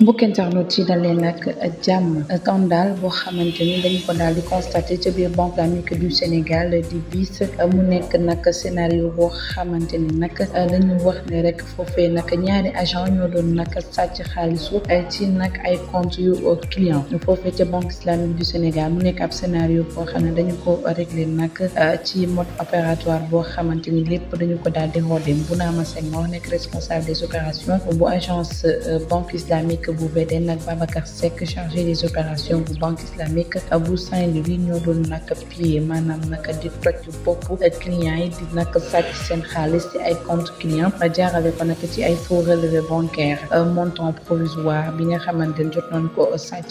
mbokk internautes yi dal leen nag jàmm scandale boo xamante ni dañ ko daal di constaté ca biir banque islamique du Sénégal di BIS mu nekk nag scénario boo xamante ni nag dañu wax ne rek foofee nag ñaari agent ñoo doon nag sàcc xaalisu eh, ci nag ay compte yu euh, client foofee ca banque islamique du Sénégal mu nekk ab scénario boo xam ne dañu ko réglé nag euh, ci mode opératoire boo xamante ni lépp dañu ko daal di xool bu Bounama Sène moo nekk responsable des opérations bu agence euh, banque islamique que vous BDN ak Babacar Seck chargé des opérations bu banque islamique bu saint de ñoo doon nag pilier Manam nag di toj bopp clients et di nag sàcc seen xaalis ci ay compte client jaarale ko nag ci ay faux relevé bancaire un montant provisoire bi nga xamante ne jot nañ ko sàcc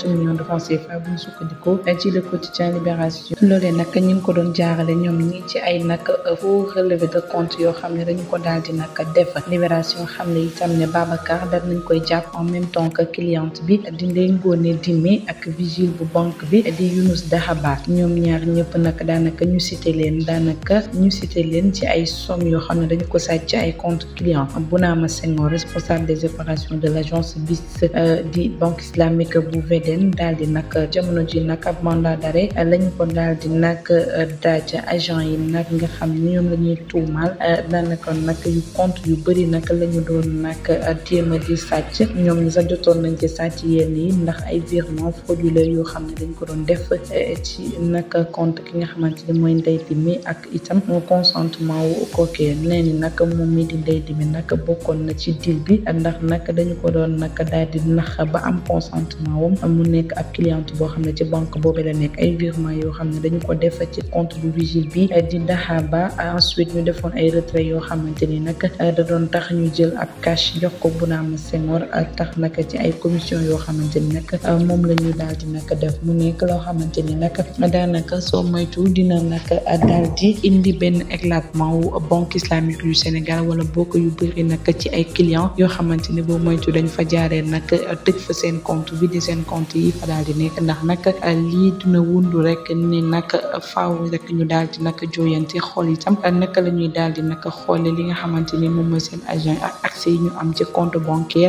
ci millions de francs CFA bu ñu et ci le quotidien Libération loolee nag ñu ngi ko doon jaarale ñoom ñii ci ay faux relevé de compte yoo xam ne ko Libération xam ne ne Babacar koy en même temps que cliente bi di Ndeye Ngone Dime ak vigile bu banque bi di Younous Dahaba ñom ñaar ñëpp nak danaka ñu cité len danaka ñu cité len ci ay somme yo xamne dañ ko sacc ay compte client Bounama Senghor responsable des opérations de l'agence BIS euh, di banque islamique bu VDN daal di nak jamono ji nak ab mandat d'arrêt lañ ko dal di nak euh, daaj agent yi nak nga xam ñom lañuy la ñuy tuumaal euh, nak yu compte yu bëri nak lañu doon nak euh, jéem di sàcc ñoom ñu sax jotoon nañ ci sàcc yenn yi ndax ay virement frauduleux yoo xam ne dañ ko doon def eh, ci nag compte ki nga xamante ni mooy Ndeye Dimi ak itam consentement wu kookee nee ni nag moom mii di Ndeye nag bokkoon na ci deal bi ndax nag dañu ko doon nag daal di nax ba am consentement wam mu nekk ab cliente boo xam ne ci banque boobu la nekk ay virement yoo xam ne dañu ko def ci compte du vigile bi eh, di Dahaba ensuite ñu defoon ay retrait yoo xamante ni nag eh, da tax ñu jël ab cash jox bu naam seen Senghor ak tax nag ci ay commission yoo xamante ni nag euh, moom la ñu daal di nag def mu nekk loo xamante ni di indi benn éclatement wu banque islamique yu Sénégal wala bokk yu bëri nag ci ay clients yoo xamante ni boo moytu dañ fa jaaree nag tëj fa seen compte bi di seen compte yi fa daal di nekk ndax nag lii dina wundu rek ni nag faaw rek ñu daal di nag jooyante xool itam naka la ñuy daal di nag xoole li nga xamante ni moom mooy seen agent ak accès yi ñu am